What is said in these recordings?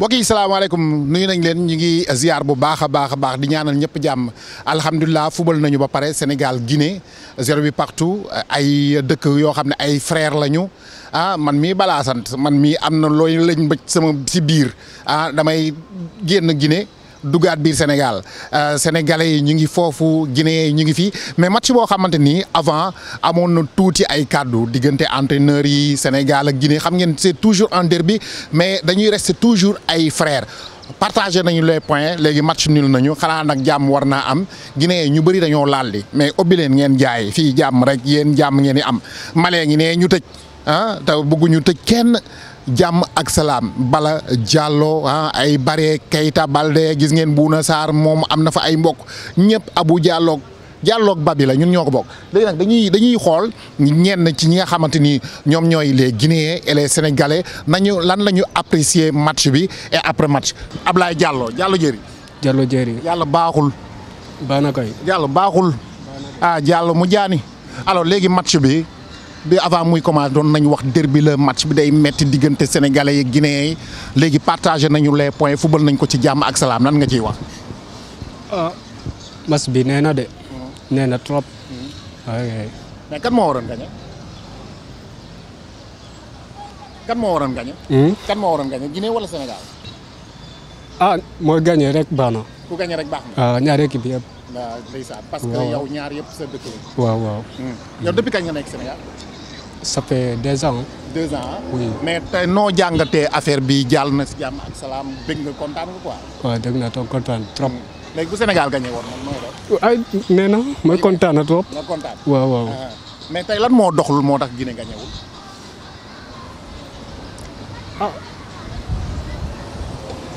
mbokk yi salaamaaleykum nuyu nañ leen ñu ngi ziar bu baax a baax a baax di ñaanal ñëpp jàmm alhamdulilah fubal nañu ba pare Sénégal Guinée zéro bi partout ay dëkk yoo xam ne ay frère lañu ah man mii balaa sant man mii am na looy lañ bëj sama si biir ah damay génn Guinée. duggaat biir Sénégal euh, sénégalais yi ñu ngi foofu Guinée yi ñu ngi fii mais match boo xamante ni avant amoon na tuuti ay kàddu diggante entraîneurs yi Sénégal ak Guinée xam ngeen c'est toujours un derby mais dañuy rester toujours ay frères. partagé nañu les point léegi match nul nañu xanaa nag jàmm war naa am Guinée ñu bëri dañoo laal li mais obbi ngeen jaay fii jàmm rek yéen jàmm ngeen di am Mali ngi ne ñu tëj ah te bëgguñu tëj kenn. jàmm ak salaam bala jàlloo ah ay bare Keita Balde gis ngeen Bouna saar moom am na fa ay mbokk ñëpp Abu jàllook jàllook ak Babi la ñun ñoo ko bokk léegi nag dañuy dañuy xool ñenn ci ñi nga xamante ni ñoom ñooy les Guinéens et les Sénégalais nañu lan la ñu apprécier match bi et après match Ablaye Diallo Diallo jëri Diallo jëri yàlla baaxul. baax na kay baaxul. jàllo ah, mu jaani alors léegi match bi. bi avant muy commencé doon nañu wax derby la match bi day metti diggante sénégalais yi guinéens yi léegi partagé nañu les points football nañ ko ci jàmm ak salaam nan nga ciy wax. ah bi nee na de. Hmm. nee na trop. Hmm. mais moo waroon gañe. kan moo waroon gañe. kan waroon gañe hmm? Guinée wala Sénégal. ah mooy gañe rek baax na. ku gañe rek waaw parce que yow ñaar yëpp waaw hmm. depuis kañ nga nekk Sénégal. ça fait deux ans. deux ans ah? mais tey noo jàngatee affaire bi jàll na si jàmm ak salaam bëgg nga kontaan nga quoi. waaw naa toog kontaan trop. Hmm. léegi bu Sénégal gagné woon man mooy doon. trop. waaw waaw. Ah, ah. mais tey lan moo doxul moo tax Guinée gagné ah.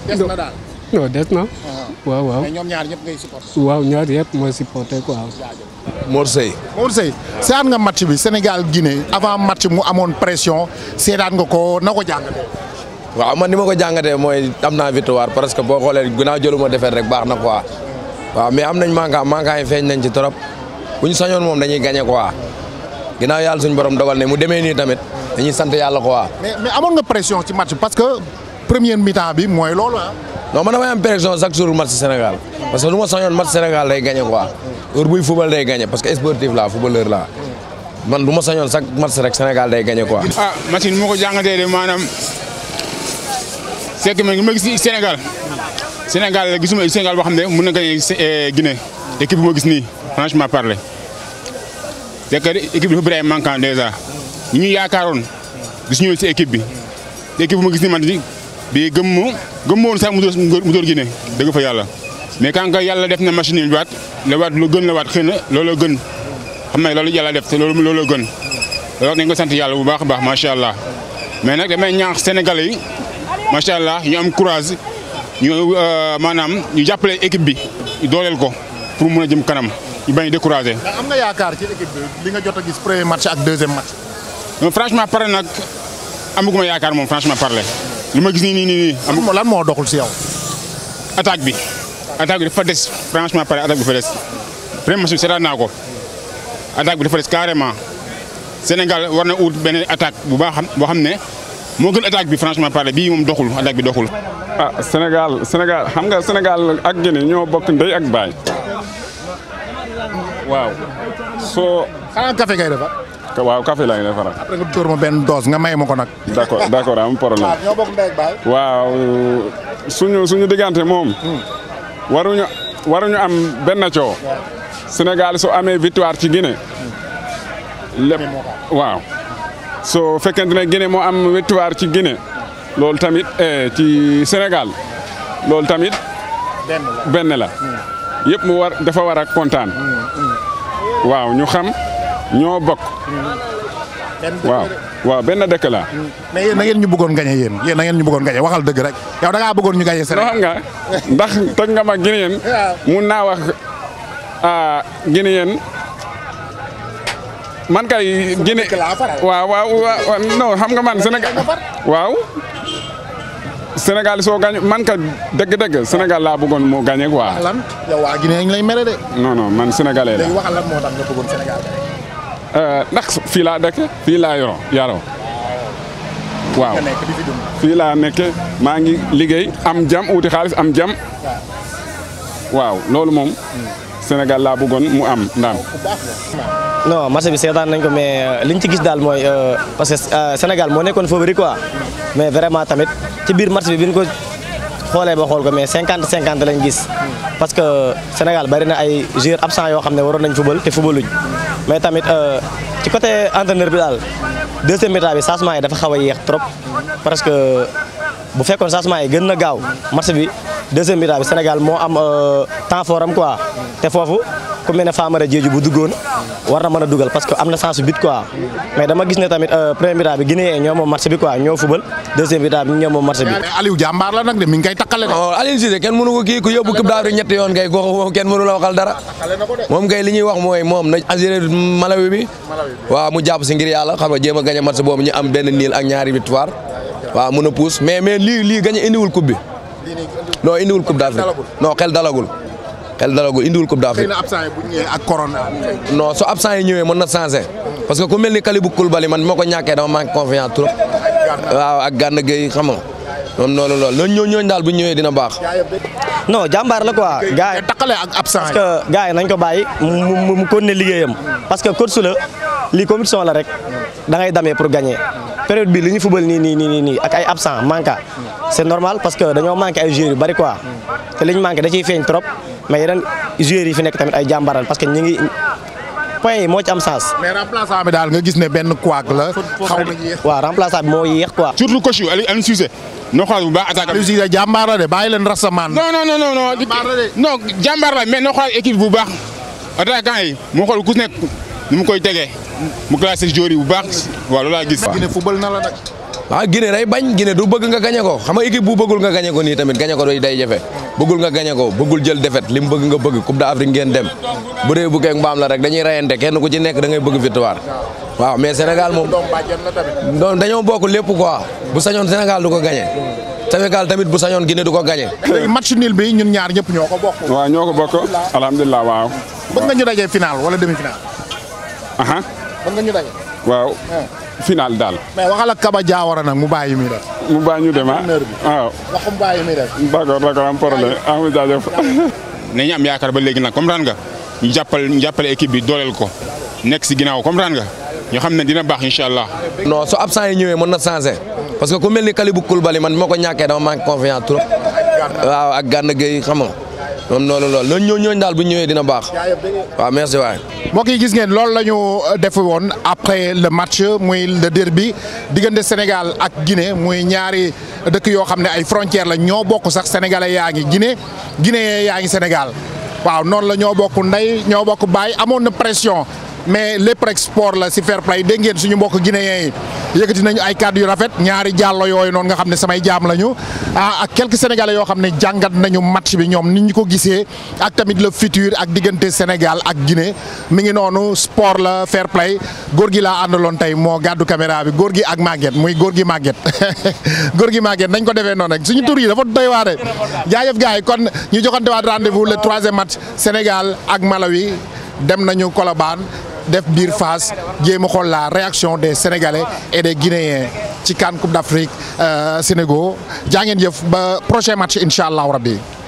des na daal. non des na. Ah. waaw waaw mais ñoom ñaar ñëpp ngay supporter. waaw ñaar yëpp mooy supporter quoi. Mor Seye. Mor Seye seetaan nga match bi Sénégal Guinée avant match mu amoon pression seetaan nga ko na ko jàngatee. waaw ma ni ma ko jàngatee mooy am naa victoire parce que boo xoolee ginnaaw jëluma defet rek baax na quoi waaw mais am nañ manquant manquant yi feeñ nañ ci trop bu ñu sañoon moom dañuy gagné quoi ginnaaw yàlla suñu borom dogal ne mu demee nii tamit dañuy sant yàlla ko mais mais amoon nga pression ci match parce que première mi bi mooy loolu ah. non man damay am pression chaque jour match Sénégal parce que lu ma sañoon match Sénégal day gagné quoi heure buy football day gagné parce que sportif la footballeur la man lu ma sañoon chaque match rek Sénégal day gagné quoi. ah machine bi ma ko jàngatee de maanaam c'est que man ma gis Sénégal Sénégal gisuma Sénégal boo xam ne mu na gagné eh, Guinée équipe bi ma gis nii franchement parler c'est que équipe bi dafa bëri ay manquant déjà ñu yaakaaroon gis ñu si équipe bi équipe bi ma gis bi gëmmu gëmmu woon sax mu gi Guinée dëgg fa yàlla mais quand que yàlla def na machine yi waat la waat lu gën la waat xëy na looloo gën xam ne loolu yàlla def te loolu looloo gën loolu dañ ko sant yàlla bu baax a baax macha allah mais nag damay ñaax Sénégalais yi macha allah ñu am courage ñu euh, maanaam ñu jàppale équipe bi dooleel ko pour mun a jëm kanam ñu bañ de découragé. am nga yaakaar ci équipe bi nga jot gis premier match ak deuxième match. franchement parler nag am amaguma yaakaar moom franchement parler. li ma gis nii nii nii. amul lan moo doxul si yow. attaque bi attaque bi dafa des franchement pare attaque bi dafa des premier match bi seetaan naa ko attaque bi dafa des carrément Sénégal war na ut beneen attaque bu baaxam boo xam ne moo gën attaque bi franchement pare bii moom doxul attaque bi doxul. ah Sénégal Sénégal xam nga Sénégal ak Guinée ñoo bokk ndey ak baay. waaw soo. xanaa café kay defar. Ah? waaw café laa ngi lay faral. après nga ma benn doos nga may ma ko nag. d' accord d' am problème. waaw ah, ñoo bokk ndey ak suñu suñu diggante moom. Hmm. waruñu am benn coow. Sénégal su amee victoire ci Guinée. Hmm. lépp waaw. soo fekkente ne Guinée moo am victoire ci Guinée. loolu tamit eh, ci Sénégal. loolu tamit. benn la benn la. Hmm. yëpp mu dafa war a kontaan. waaw ñu xam. ñoo bokk. waaw waaw benn dëkk laa. mais yéen na ngeen ñu bëggoon gañe yéen yéen ngeen ñu bëggoon gañe waxal dëgg rek yow da ngaa bëggoon ñu gañe Sénégal. ndax teg nga ma Guinéen. mun naa wax ah, Guinéen man kay. Guinée waaw waaw waaw xam nga man Sénégal waaw. Sénégal soo gañ man ka dëgg-dëgg Sénégal laa bëggoon mu gañe quoi. lan yow waa Guinée ñu lay mere de. non non man sénégalais Euh, ndax fii laa dëkk fii laa yoro yaroo waaw fii laa nekk maa ngi liggéey am jam uuti xaalis am jam waaw loolu moom Sénégal laa bëggoon mu am ndaam non marché bi seetaan nañ ko mais euh, liñ ci gis daal mooy euh, parce que Sénégal moo nekkoon favori quoi mais vraiment tamit ci biir marché bi biñ ko xoolee ba xool ko mais cinquante cinquante lañ gis parce que Sénégal bari na ay joueurs absents yoo xam ne waroon nañ fubal te fubaluñ mais tamit euh, ci côté entraîneur bi daal deuxième mi bi changement yi dafa xaw a yéex trop parce que bu fekkoon changement yi gën na gaaw marché bi deuxième mi bi Sénégal moo am euh, temps fort am quoi te foofu. ku mel ne Famara bu duggoon war na a dugal parce que am na sens bit quoi mais dama gis ne tamit euh, premier mi-temps bi Guinée ñoo moom match bi quoi ñoo fubal deuxième mi-temps bi ñoo moom match bi. Aliou jàmbaar oh, li ñuy wax mooy moom na assuré Malawi bi waaw mu jàpp si ngir yàlla xam nga jéem a gagné match boobu ñu am benn niil ak ñaari victoire waaw mën a mais lii lii gagné indiwul coupe bi non indiwul coupe noo non xel dalagul xel dalagul indiwul coupe d'Afrique. xëy na absent yi bu ñëwee na changé parce que ku mel ni Kalidou Koulibaly man bi ma ko ñàkkee dama manqué confiance trop. waaw ak Gana Gueye xam nga moom loolu loolu loolu ñooñu daal bu ñëwee dina baax. non jàmbaar la quoi. gars yi takkale ak absent yi nañ ko bàyyi mu mu liggéeyam parce que course la lii compétition la rek da ngay damee pour gagner période bi li ñu fubal nii nii nii nii ak ay absent manqué c'est normal parce que dañoo manqué ay joueurs bari quoi te liñ manqué da trop. mais yeneen joueurs yi fi nekk tamit ay jàmbaral parce que ñu ngi point yi moo ci am sens. mais remplaçant bi daal nga gis ne benn couac la. xaw na yéex waaw remplaçant bi moo yéex quoi. surtout coach yu Aliou Cissé noo xool bu baax a am. Aliou la de yi moo xool ku nekk nu mu koy tegee mu classé joueurs yi bu baax waaw loolu laa gis. waaw Guinée football na la nag. ah Guinée day bañ Guinée du bëgg nga gañe ko xam nga équipe bu bëggul nga gañe ko nii tamit gañe ko day jafe bëggul nga gañe ko bëggul jël défaite li mu bëgg nga bëgg coupe d'Afrique ngeen dem bu dee bu keeg mbaam la rek dañuy rayante kenn ku ko nekk da ngay bëgg victoire waaw mais Sénégal moom doom dañoo bokk lépp quoi bu sañoon Sénégal du ko gañe Sénégal tamit bu sañoon Guinée du ko gañe léegi match nul bi ñun ñaar ñëpp ñoo ko bokk waaw ñoo ko bokk alhamdulilah waaw bëgg nga ñu dajee final wala demi final aha bëgg waaw ah. final daal. mais waxal Kaba Diawara nag mu bàyyi muy def. mu bàyyi ñu dem ah waaw. waxum bàyyi muy def. d' accord d' accord am problème amul jaajëf. yaakaar ba léegi nag comprendre nga ñu jàppale ñu jàppale équipe bi dooleel ko nekk si ginnaaw comprendre nga ñu xam ne dina baax incha allah. no su absent yi ñëwee mën na changé parce que ku mel ni Kalidou Koulibaly man moo ko ñàkkee dama manqué confiance trop. waaw a Gana Gueye xam ñoom noonu loolu loolu ñoo ñooñ daal bu ñëwee dina baax waaw merci waay. mbokk yi gis ngeen loolu la ñu euh, woon après le match muy le derby diggante Sénégal ak Guinée muy ñaari dëkk yoo xam ne ay frontières la ñoo bokk sax sénégalais yaa ngi Guinée Guinée yaa ngi Sénégal waaw noonu la ñoo bokk ndey ñoo bokk baay amoon na pression mais lépp rek sport la si fair play dégg ngeen suñu mbokk guinéen yi. yëkkati nañu ay kàddu yu rafet ñaari jàllo yooyu noonu nga xam ne samay jaam lañu ah ak quelque sénégalais yoo xam ne jàngat nañu match bi ñoom ni ñu ko gisee ak tamit la futur ak diggante Sénégal ak Guinée mu ngi noonu sport la fair play góor gi laa àndaloon tey moo gàddu caméra bi góor gi ak Maguette muy góor gi Maguette góor gi Maguette nañ ko defee noonu rek suñu tur yi dafa doy waare jaajëf gars yi kon ñu joxante waat rendez-vous le troisième match Sénégal ak Malawi dem nañu Colobane def biir phase jéem a xool la réaction des sénégalais et des guinéens ci CAN Coupe d'Afrique euh, Sénégal jaa ngeen jëf ba prochain match incha allahu rabbi